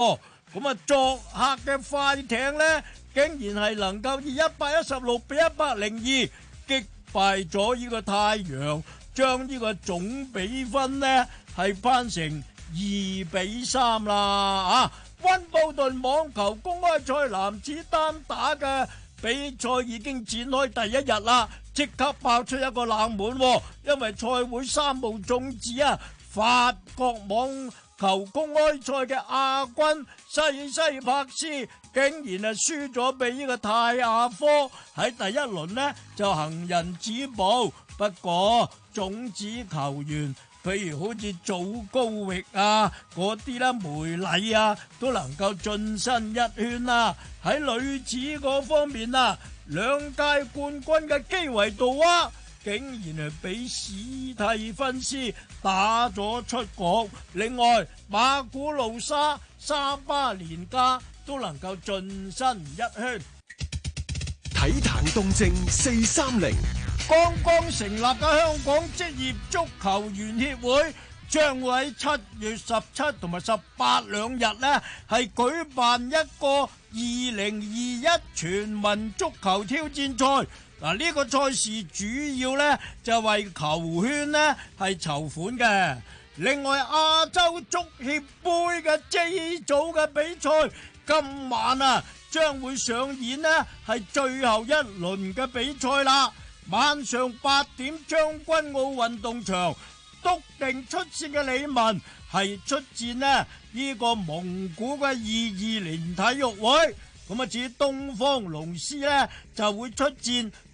哦，咁、嗯、啊，作客嘅快艇呢，竟然係能夠以一百一十六比一百零二擊敗咗呢個太陽，將呢個總比分呢，係扳成二比三啦啊！溫布頓網球公開賽男子單打嘅比賽已經展開第一日啦，即刻爆出一個冷門，哦、因為賽會三號種子啊，法國網。球公開賽嘅亞軍西西柏斯竟然係輸咗俾呢個泰亞科喺第一輪呢，就行人止步，不過種子球員譬如好似祖高域啊嗰啲啦，梅禮啊都能夠晉身一圈啦，啊，喺女子嗰方面啊兩屆冠軍嘅機會度啊！竟然係俾史蒂芬斯打咗出局，另外馬古魯沙、沙巴連加都能夠晉身一圈。體壇動靜四三零，剛剛成立嘅香港職業足球員協會，將會喺七月十七同埋十八兩日呢係舉辦一個二零二一全民足球挑戰賽。嗱，呢個賽事主要呢就為球圈呢係籌款嘅。另外亞洲足協杯嘅 J 組嘅比賽，今晚啊將會上演呢係最後一輪嘅比賽啦。晚上八點將軍澳運動場篤定出線嘅李文係出戰呢呢個蒙古嘅二二零體育會。咁啊至於東方龍獅呢就會出戰。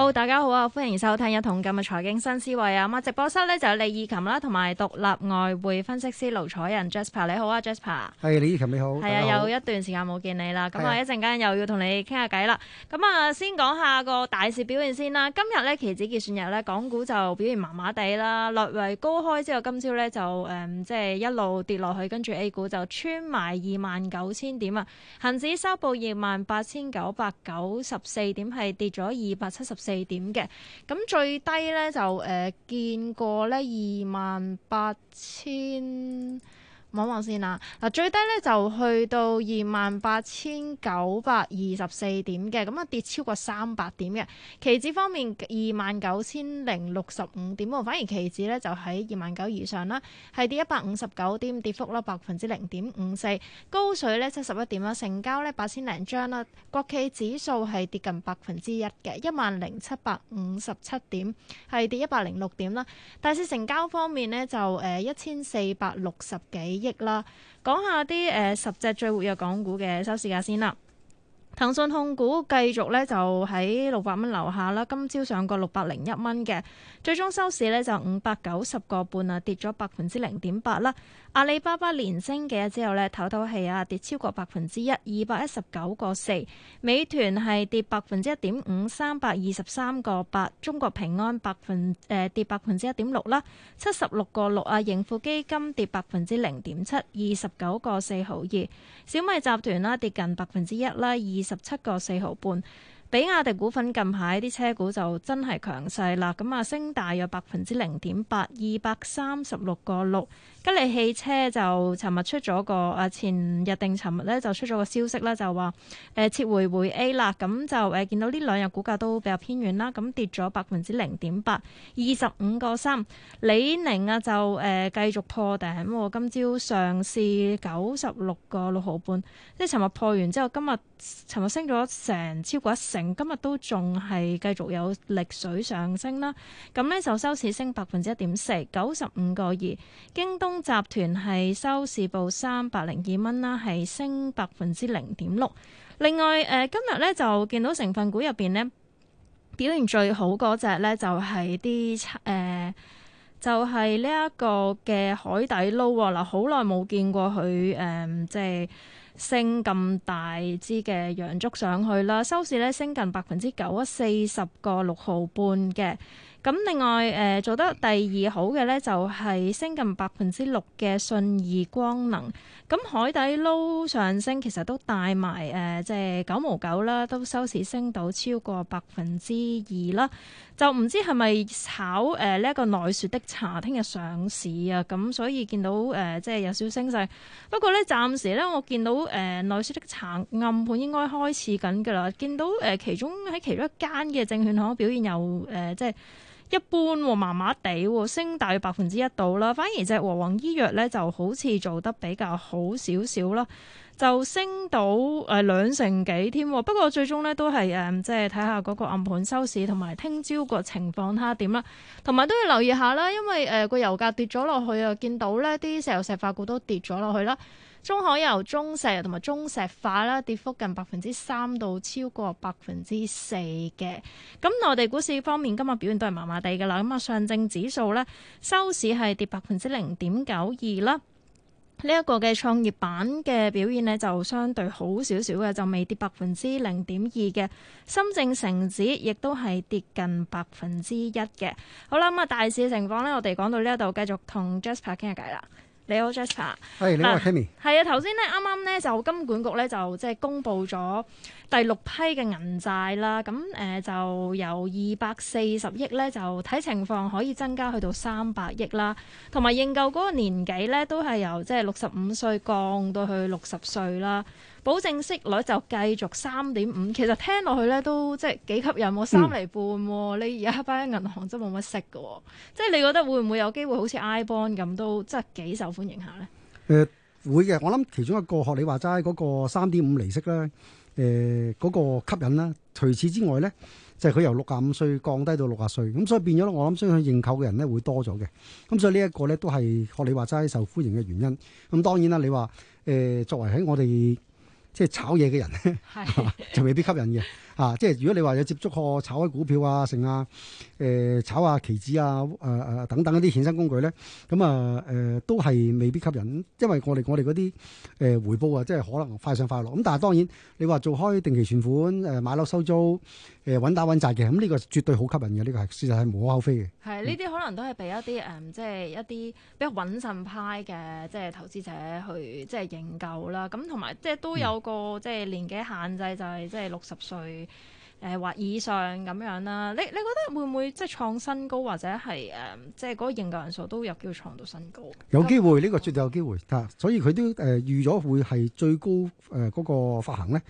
好，oh, 大家好啊！歡迎收聽《一同今日財經新思維》啊！咁啊，直播室呢就有李意琴啦、啊，同埋獨立外匯分析師盧楚仁 Jasper，你好啊，Jasper。係 Jas 李意琴你好。係啊，有一段時間冇見你啦，咁啊好一陣間又要同你傾下偈啦。咁啊，先講下個大市表現先啦。今日呢期指結算日呢，港股就表現麻麻地啦，略為高開之後，今朝呢、嗯，就誒即係一路跌落去，跟住 A 股就穿埋二萬九千點啊，恒指收報二萬八千九百九十四點，係跌咗二百七十四。地點嘅，咁最低呢，就誒、呃、見過呢二萬八千。望望先啦，嗱最低咧就去到二萬八千九百二十四點嘅，咁啊跌超過三百點嘅。期指方面二萬九千零六十五點喎，反而期指咧就喺二萬九以上啦，係跌一百五十九點，跌幅啦百分之零點五四。高水咧七十一點啦，成交咧八千零張啦。國企指數係跌近百分之一嘅，一萬零七百五十七點係跌一百零六點啦。大市成交方面咧就誒一千四百六十幾。呃 1, 億啦，講下啲誒、呃、十隻最活躍港股嘅收市價先啦。騰訊控股繼續咧就喺六百蚊樓下啦，今朝上過六百零一蚊嘅，最終收市呢，就五百九十個半啊，跌咗百分之零點八啦。阿里巴巴連升嘅之後呢，唞唞氣啊，跌超過百分之一，二百一十九個四。美團係跌百分之一點五，三百二十三個八。中國平安百分誒跌百分之一點六啦，七十六個六啊，盈富基金跌百分之零點七，二十九個四毫二。小米集團啦跌近百分之一啦，二。二十七個四毫半。比亞迪股份近排啲車股就真係強勢啦，咁啊升大約百分之零點八，二百三十六個六。吉利汽車就尋日出咗個，啊前日定尋日呢，就出咗個消息啦，就話誒撤回回 A 啦，咁就誒見到呢兩日股價都比較偏遠啦，咁跌咗百分之零點八，二十五個三。李寧啊就誒繼續破頂，今朝上市九十六個六毫半，即係尋日破完之後，今日尋日升咗成超過一成。今日都仲係繼續有力水上升啦，咁呢就收市升百分之一點四，九十五個二。京東集團係收市報三百零二蚊啦，係升百分之零點六。另外，誒、呃、今日呢就見到成分股入邊呢表現最好嗰隻呢，就係啲誒，就係呢一個嘅海底撈啦，好耐冇見過佢誒，即係。升咁大支嘅陽燭上去啦，收市呢升近百分之九啊，四十個六毫半嘅。咁另外誒、呃、做得第二好嘅咧，就係、是、升近百分之六嘅信義光能。咁、嗯、海底撈上升，其實都帶埋誒，即係九毛九啦，都收市升到超過百分之二啦。就唔知係咪炒誒呢一個奈雪的茶聽日上市啊？咁、嗯、所以見到誒、呃、即係有少少升勢。不過咧，暫時咧我見到誒奈、呃、雪的茶暗盤應該開始緊㗎啦。見到誒、呃、其中喺其中一間嘅證券行表現又誒、呃、即係。一般麻麻地喎，升大約百分之一度啦。反而隻和黃醫藥咧，就好似做得比較好少少啦，就升到誒兩成幾添。不過最終咧都係誒，即係睇下嗰個暗盤收市同埋聽朝個情況睇下點啦。同埋都要留意下啦，因為誒個油價跌咗落去啊，見到咧啲石油石化股都跌咗落去啦。中海油、中石油同埋中石化啦，跌幅近百分之三到超過百分之四嘅。咁內地股市方面，今日表現都係麻麻地嘅啦。咁啊，上證指數呢，收市係跌百分之零點九二啦。呢一個嘅創業板嘅表現呢，就相對好少少嘅，就未跌百分之零點二嘅。深證成指亦都係跌近百分之一嘅。好啦，咁啊大市情況呢，我哋講到呢一度，繼續同 Jasper 傾下偈啦。你好 j a s p e r a 你好，Hemi。係啊、嗯，頭先咧，啱啱咧就金管局咧就即係公布咗第六批嘅銀債啦。咁誒、呃，就由二百四十億咧，就睇情況可以增加去到三百億啦。同埋認舊嗰個年紀咧，都係由即係六十五歲降到去六十歲啦。保證息率就繼續三點五，其實聽落去咧都即係幾吸引喎，嗯、三厘半喎、哦。你而家翻喺銀行真冇乜息嘅、哦，即係你覺得會唔會有機會好似 iBond 咁都即係幾受歡迎下咧？誒、呃、會嘅，我諗其中一個學你話齋嗰個三點五釐息咧，誒、呃、嗰、那個吸引啦。除此之外咧，即係佢由六十五歲降低到六十歲，咁、嗯、所以變咗我諗相信認購嘅人咧會多咗嘅。咁、嗯、所以呢一個咧都係學你話齋受歡迎嘅原因。咁、嗯嗯、當然啦，你話誒、呃、作為喺我哋。即係炒嘢嘅人，就未必吸引嘅嚇。即係如果你話有接觸過炒開股票啊，成、呃、啊，誒炒啊期指啊，誒誒等等一啲衍生工具咧，咁啊誒都係未必吸引，因為我哋我哋嗰啲誒回報啊，即係可能快上快落。咁但係當然，你話做開定期存款、誒、呃、買樓收租、誒、呃、穩打穩紮嘅，咁、這、呢個絕對好吸引嘅，呢、這個係事實係無可厚非嘅。係呢啲可能都係俾一啲誒、嗯嗯，即係一啲比較穩陣派嘅即係投資者去即係研究啦。咁同埋即係都、嗯、有。嗯個即係年紀限制就係即係六十歲誒或以上咁樣啦，你你覺得會唔會即係創新高或者係誒即係嗰個認購人數都有機會創到新高？有機會，呢個絕對有機會，吓所以佢都誒預咗會係最高誒嗰個發行咧。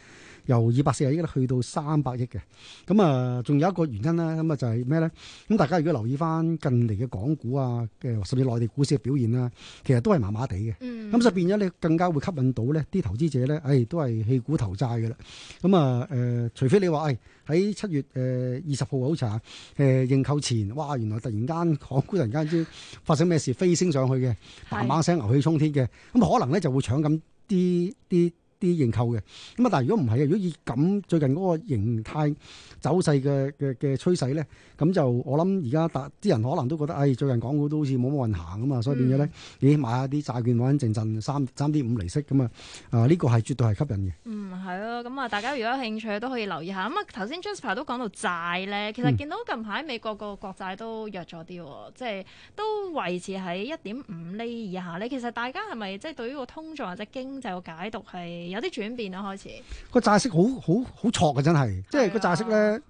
由二百四十億而去到三百億嘅，咁啊，仲有一個原因啦。咁啊就係咩咧？咁大家如果留意翻近嚟嘅港股啊，嘅甚至內地股市嘅表現啦，其實都係麻麻地嘅。咁就、嗯、變咗你更加會吸引到咧啲投資者咧，誒、哎，都係棄股投債嘅啦。咁、嗯、啊，誒、呃，除非你話誒喺七月誒二十號好慘，誒認購前，哇，原來突然間港股突然間唔知發生咩事飛升上去嘅，大馬聲牛氣沖天嘅，咁是可能咧就會搶緊啲啲。啲認購嘅，咁啊，但係如果唔係，如果以咁最近嗰個形態走勢嘅嘅嘅趨勢咧，咁就我諗而家大啲人可能都覺得，唉、哎，最近港股都好似冇乜運行啊嘛，嗯、所以變咗咧，你買下啲債券穩陣陣三三點五厘息咁啊，啊呢、呃這個係絕對係吸引嘅。嗯，係咯，咁啊，大家如果有興趣都可以留意下。咁啊，頭先 Jasper 都講到債咧，其實見到近排美國個國債都弱咗啲，嗯、即係都維持喺一點五厘以下咧。其實大家係咪即係對於個通脹或者經濟嘅解讀係？有啲轉變啦，開始個債息好好好挫嘅，真係，的即係個債息咧，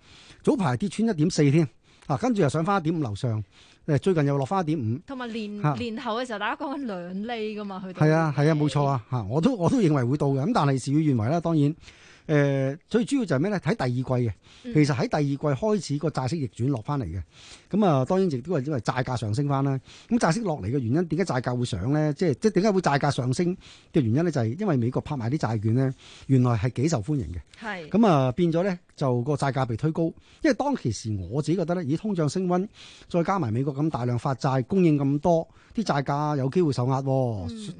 早排跌穿一點四添，啊，跟住又上返一點五樓上，誒，最近又落返一點五。同埋年年後嘅時候，大家講緊兩厘㗎嘛，佢哋。係啊，係啊，冇錯啊，嚇，我都我都認為會到嘅，咁但係事與願違啦，當然。誒、呃，最主要就係咩咧？喺第二季嘅，其實喺第二季開始個債息逆轉落翻嚟嘅，咁啊當然亦都係因為債價上升翻啦。咁債息落嚟嘅原因，點解債價會上咧？即係即係點解會債價上升嘅原因咧？就係因為美國拍賣啲債券咧，原來係幾受歡迎嘅。係咁啊，變咗咧就個債價被推高，因為當其時我自己覺得咧，以通脹升溫，再加埋美國咁大量發債，供應咁多，啲債價有機會受壓。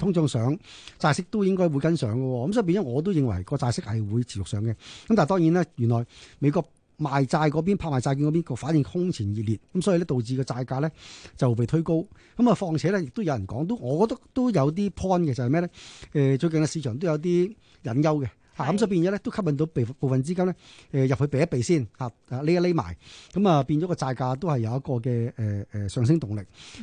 通脹上，債息都應該會跟上嘅。咁所以變咗，我都認為個債息係會。上嘅，咁但係當然咧，原來美國賣債嗰邊拍賣債券嗰邊個反應空前熱烈，咁所以咧導致個債價咧就會被推高，咁啊，況且咧亦都有人講，都我覺得都有啲 point 嘅，就係咩咧？誒，最近嘅市場都有啲隱憂嘅。啊咁所以變咗咧，都吸引到部部分資金咧，誒、呃、入去避一避先，嚇誒匿一匿埋，咁啊變咗個債價都係有一個嘅誒誒上升動力，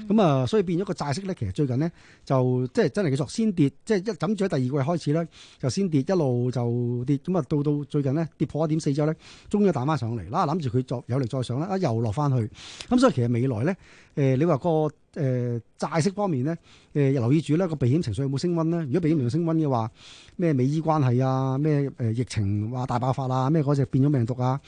咁啊所以變咗個債息咧，其實最近咧就即係真係叫做先跌，即係一抌住喺第二個月開始咧就先跌，一路就跌，咁啊到到最近咧跌破一點四之後咧，終於打返上嚟，嗱諗住佢再有力再上啦，啊又落翻去，咁所以其實未來咧誒、呃、你話、那個。誒、呃、債息方面咧，誒、呃、留意住啦。個避險情緒有冇升溫咧？如果避險仲要升溫嘅話，咩美伊關係啊，咩誒、呃、疫情話大爆發啊，咩嗰隻變咗病毒啊，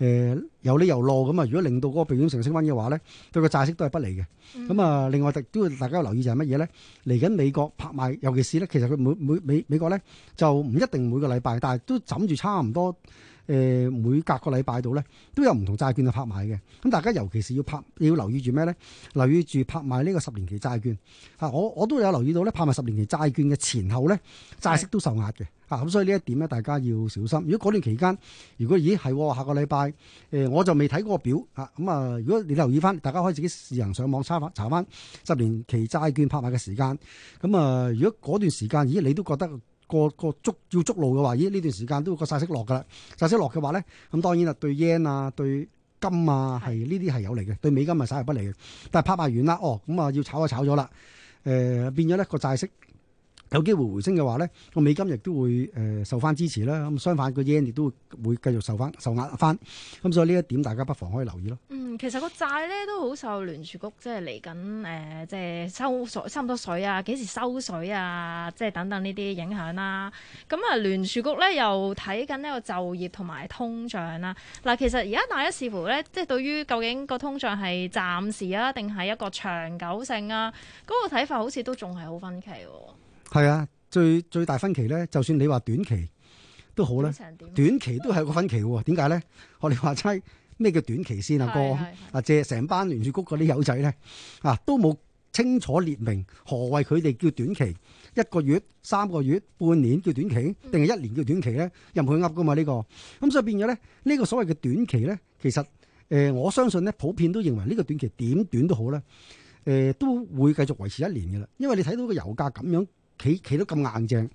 誒、呃、有理有落咁啊。如果令到嗰個避險情緒升溫嘅話咧，對個債息都係不利嘅。咁、嗯、啊，另外亦都要大家要留意就係乜嘢咧？嚟緊美國拍賣，尤其是咧，其實佢每每美美國咧就唔一定每個禮拜，但係都枕住差唔多。誒每隔個禮拜度咧，都有唔同債券嘅拍賣嘅。咁大家尤其是要拍，要留意住咩咧？留意住拍賣呢個十年期債券。啊，我我都有留意到咧，拍賣十年期債券嘅前後咧，債息都受壓嘅。啊，咁所以呢一點咧，大家要小心。如果嗰段期間，如果咦係、哦、下個禮拜，誒我就未睇過個表啊。咁啊，如果你留意翻，大家可以自己自行上網查翻，查翻十年期債券拍賣嘅時間。咁啊，如果嗰段時間，咦你都覺得？個個捉要捉路嘅話，依呢段時間都個債息落噶啦，債息落嘅話咧，咁當然啦，對 yen 啊，對金啊，係呢啲係有利嘅，對美金咪捨入不利嘅。但係拍賣完啦，哦，咁、嗯、啊、嗯、要炒啊炒咗啦，誒、呃、變咗咧個債息。有機會回升嘅話咧，個美金亦都會誒、呃、受翻支持啦。咁相反，個 yen 亦都會會繼續受翻受壓翻。咁所以呢一點，大家不妨可以留意咯。嗯，其實個債咧都好受聯儲局即係嚟緊誒，即係、呃、收水差唔多水啊，幾時收水啊，即係等等呢啲影響啦、啊。咁、嗯、啊，聯儲局咧又睇緊呢個就業同埋通脹啦。嗱，其實而家大家視乎咧，即係對於究竟個通脹係暫時啊，定係一個長久性啊，嗰、那個睇法好似都仲係好分歧、啊。係啊，最最大分歧咧，就算你話短期都好啦，整整短期都係個分歧喎。點解咧？我哋話齋咩叫短期先啊？哥，哥是是是啊，啊，借成班聯儲局嗰啲友仔咧，啊都冇清楚列明何謂佢哋叫短期，一個月、三個月、半年叫短期，定係一年叫短期咧？嗯、又冇佢呃噶嘛呢、這個？咁所以變咗咧，呢、這個所謂嘅短期咧，其實誒、呃，我相信咧，普遍都認為呢個短期點短都好咧，誒、呃，都會繼續維持一年嘅啦，因為你睇到個油價咁樣。企企得咁硬淨，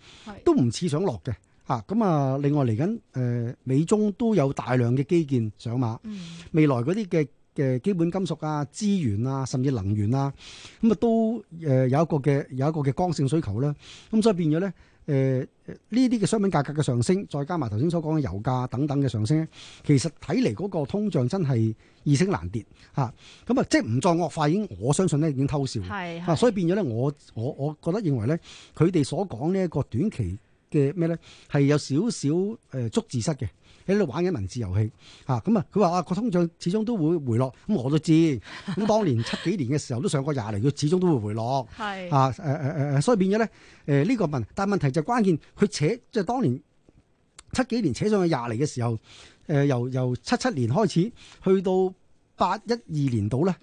都唔似想落嘅。嚇，咁啊，另外嚟緊誒，美中都有大量嘅基建上馬，嗯、未來嗰啲嘅誒基本金屬啊、資源啊，甚至能源啊，咁、嗯、啊都誒、呃、有一個嘅有一個嘅剛性需求啦。咁、啊、所以變咗咧。誒，呢啲嘅商品價格嘅上升，再加埋頭先所講嘅油價等等嘅上升咧，其實睇嚟嗰個通脹真係易升難跌，吓，咁啊，嗯、即係唔再惡化已經。我相信咧，已經偷笑啦。係係是、啊，所以變咗咧，我我我覺得認為咧，佢哋所講呢一個短期。嘅咩咧，係有少少誒捉字室嘅喺度玩緊文字遊戲啊！咁、嗯、啊，佢話啊個通脹始終都會回落，咁我都知。咁、嗯、當年七幾年嘅時候都上過廿釐，佢始終都會回落。係 啊誒誒誒，所以變咗咧誒呢個問，但係問題就關鍵，佢扯即係當年七幾年扯上去廿釐嘅時候，誒、呃、由由七七年開始去到八一二年度咧，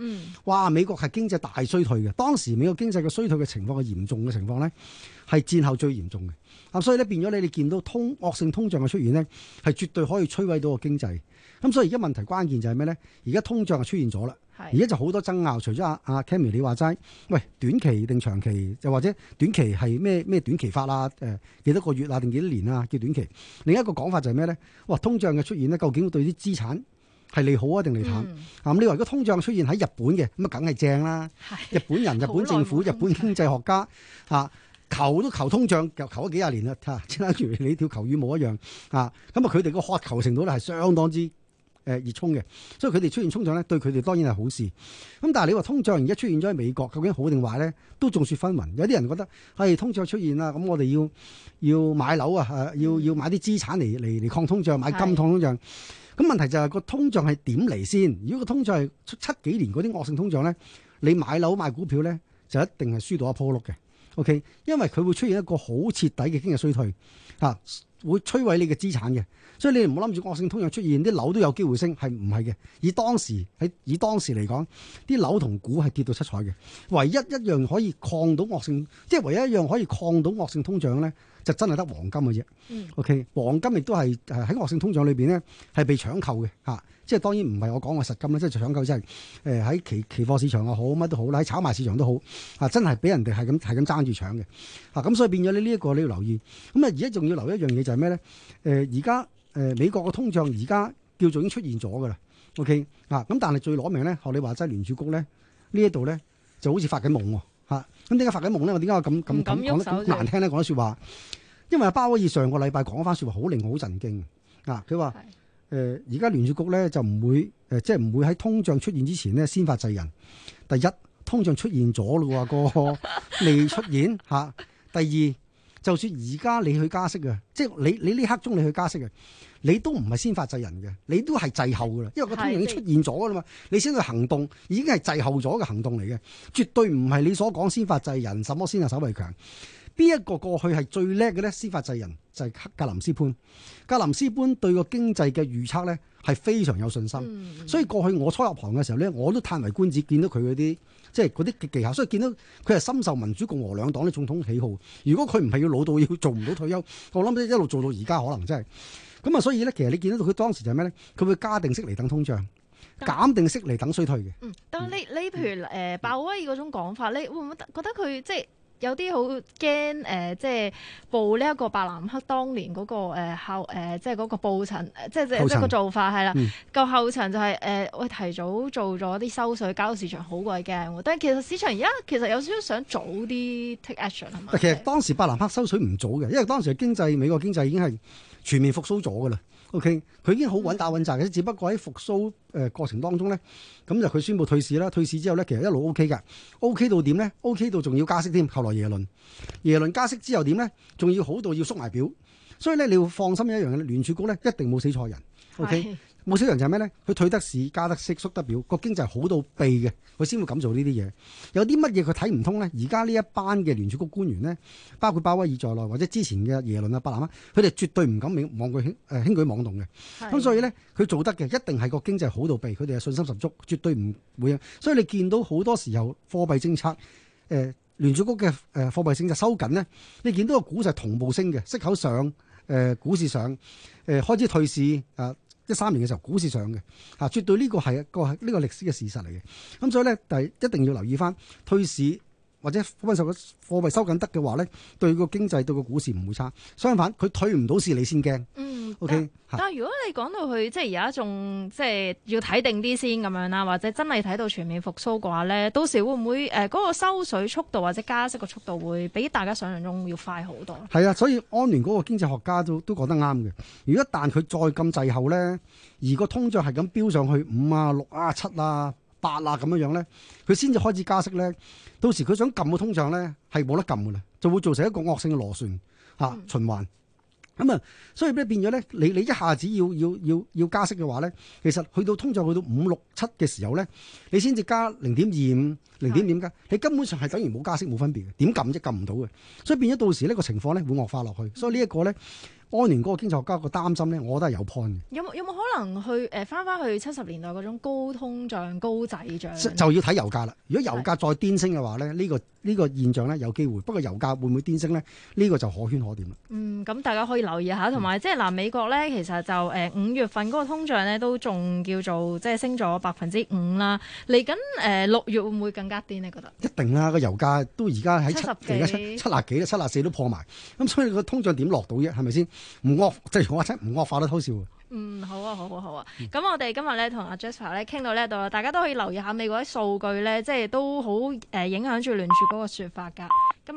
哇！美國係經濟大衰退嘅，當時美國經濟嘅衰退嘅情況係嚴重嘅情況咧，係戰後最嚴重嘅。咁所以咧變咗你哋見到通惡性通脹嘅出現咧，係絕對可以摧毀到個經濟。咁所以而家問題關鍵就係咩咧？而家通脹就出現咗啦。而家就好多爭拗，除咗阿阿 Cammy 你話齋，喂，短期定長期，又或者短期係咩咩短期法啊？誒、呃，幾多個月啊？定幾多年啊？叫短期。另一個講法就係咩咧？哇！通脹嘅出現咧，究竟對啲資產？係利好啊定利淡？啊、嗯嗯、你話如果通脹出現喺日本嘅，咁啊梗係正啦！是日本人、日本政府、 日本經濟學家啊，求都求通脹，求求咗幾廿年啦！啊，即係等於你跳球羽毛一樣啊！咁啊，佢哋個渴求程度咧係相當之誒熱衷嘅，所以佢哋出現通脹咧，對佢哋當然係好事。咁但係你話通脹而家出現咗喺美國，究竟好定壞咧？都眾說紛紜。有啲人覺得係、哎、通脹出現啦，咁我哋要要買樓啊，啊要要買啲資產嚟嚟嚟抗通脹，買金抗通，通，通脹。咁問題就係個通脹係點嚟先？如果個通脹係七幾年嗰啲惡性通脹咧，你買樓買股票咧，就一定係輸到一鋪碌嘅。OK，因為佢會出現一個好徹底嘅經濟衰退，嚇會摧毀你嘅資產嘅。所以你唔好諗住惡性通脹出現，啲樓都有機會升，係唔係嘅？以當時喺以當時嚟講，啲樓同股係跌到七彩嘅。唯一一樣可以抗到惡性，即係唯一一樣可以抗到惡性通脹咧。就真係得黃金嘅啫，OK？黃金亦都係喺惡性通脹裏邊咧，係被搶購嘅嚇、啊。即係當然唔係我講嘅實金啦，即係搶購、就是，即係誒喺期期貨市場又好，乜都好啦，喺炒賣市場都好嚇、啊，真係俾人哋係咁係咁爭住搶嘅嚇。咁、啊、所以變咗咧，呢一個你要留意。咁啊，而家仲要留意一樣嘢就係咩咧？誒而家誒美國嘅通脹而家叫做已經出現咗噶啦，OK？啊咁、啊，但係最攞命咧，學你話齋聯儲局咧呢一度咧就好似發緊夢喎。咁點解發緊夢咧？我點解我咁咁咁講得咁難聽咧講啲説話？因為阿鮑威爾上個禮拜講一番説話，好令我好震驚啊！佢話：誒而家聯儲局咧就唔會誒，即係唔會喺通脹出現之前咧先發制人。第一，通脹出現咗啦喎，個未出現嚇、 啊。第二。就算而家你去加息啊，即係你你呢刻鐘你去加息啊，你都唔係先發制人嘅，你都係滯後嘅啦。因為個通脹已經出現咗啦嘛，的你先去行動已經係滯後咗嘅行動嚟嘅，絕對唔係你所講先發制人，什麼先係稍微強？邊一個過去係最叻嘅咧？先發制人就係、是、格林斯潘，格林斯潘對個經濟嘅預測咧係非常有信心，嗯、所以過去我初入行嘅時候咧，我都歎為觀止，見到佢嗰啲。即係嗰啲技巧，所以見到佢係深受民主共和兩黨嘅總統喜好。如果佢唔係要老到要做唔到退休，我諗一路做到而家可能真係。咁啊，所以咧其實你見到佢當時就係咩咧？佢會加定息嚟等通脹，減定息嚟等衰退嘅。嗯，但係你你譬如誒、呃、鮑威爾嗰種講法，你會唔會覺得佢即係？有啲好驚誒，即係布呢一個伯南克當年嗰、那個誒後、呃呃、即係嗰個布層，即係層即係一個做法係啦。個、嗯、後層就係、是、誒，會、呃、提早做咗啲收水，搞到市場好鬼驚。但係其實市場而家其實有少少想早啲 take action 係嘛？其實當時伯南克收水唔早嘅，因為當時經濟美國經濟已經係全面復甦咗㗎啦。O K，佢已經好穩打穩紮嘅，只不過喺复蘇誒過程當中咧，咁就佢宣佈退市啦。退市之後咧，其實一路 O K 㗎，O K 到點咧？O K 到仲要加息添，後來耶倫，耶倫加息之後點咧？仲要好到要縮埋表，所以咧你要放心一樣嘅聯儲局咧一定冇死錯人。O K 是。Okay? 冇少人就係咩咧？佢退得市，加得息，縮得表，個經濟好到痹嘅，佢先會噉做呢啲嘢。有啲乜嘢佢睇唔通咧？而家呢一班嘅聯儲局官員咧，包括鮑威爾在內，或者之前嘅耶倫啊、伯南克，佢哋絕對唔敢妄佢輕誒輕舉妄動嘅。咁是所以咧，佢做得嘅一定係個經濟好到痹，佢哋係信心十足，絕對唔會。所以你見到好多時候貨幣政策誒聯儲局嘅誒、呃、貨幣政策收緊咧，你見到個股市係同步升嘅息口上誒、呃、股市上誒、呃、開始退市啊！啊一三年嘅時候，股市上嘅嚇、啊，絕對呢個係一、呢個係呢、呢個歷史嘅事實嚟嘅。咁、啊、所以咧，第、就係、一定要留意翻退市。或者貨幣收緊，貨幣收緊得嘅話咧，對個經濟、對個股市唔會差。相反，佢退唔到市你先驚。嗯，OK 但。但係如果你講到佢，即係而家仲即係要睇定啲先咁樣啦，或者真係睇到全面復甦嘅話咧，到時會唔會誒嗰、呃嗰個收水速度或者加息嘅速度會比大家想象中要快好多？係啊，所以安聯嗰個經濟學家都都講得啱嘅。如果一旦佢再咁滯後咧，而個通脹係咁飆上去五啊六啊七啊。八啦，咁樣樣咧，佢先至開始加息咧。到時佢想撳嘅通脹咧係冇得撳嘅啦，就會造成一個惡性嘅螺旋吓、啊、循環。咁啊，所以咧變咗咧，你你一下子要要要要加息嘅話咧，其實去到通脹去到五六七嘅時候咧，你先至加零點二五零點點噶，你根本上係等於冇加息冇分別嘅，點撳啫，撳唔到嘅。所以變咗到時呢個情況咧會惡化落去，所以呢一個咧。安聯嗰個經濟學家個擔心咧，我覺得係有 point 嘅。有冇有冇可能去誒翻翻去七十年代嗰種高通脹、高滯脹？就要睇油價啦。如果油價再癲升嘅話咧，呢是、呢個呢、呢個現象咧有機會。不過油價會唔會癲升咧？呢、呢個就可圈可點啦。嗯，咁大家可以留意下，同埋、嗯、即係嗱，美國咧其實就誒五、呃、月份嗰、呃啊、個通脹咧都仲叫做即係升咗百分之五啦。嚟緊誒六月會唔會更加癲？你覺得一定啦，個油價都而家喺七而家七七十幾七十四都破埋。咁所以個通脹點落到啫？係咪先？唔惡，即係我真唔惡化得。好笑。嗯，好啊，好好、啊、好啊。咁、嗯、我哋今日咧同阿 Jasper 咧傾到呢一度啦，大家都可以留意下美國啲數據咧，即係都好誒、呃、影響住聯儲嗰個說法噶。